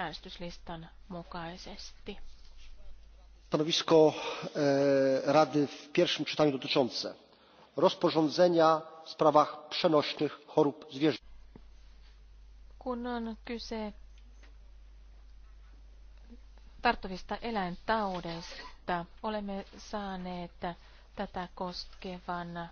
äänestyslistan mukaisesti. Stanowisko e, Rady w pierwszym czytaniu dotyczące rozporządzenia w sprawach przenośnych chorób zwierząt. Kun on kyse tarttuvista eläintaudeista, olemme saaneet tätä koskevan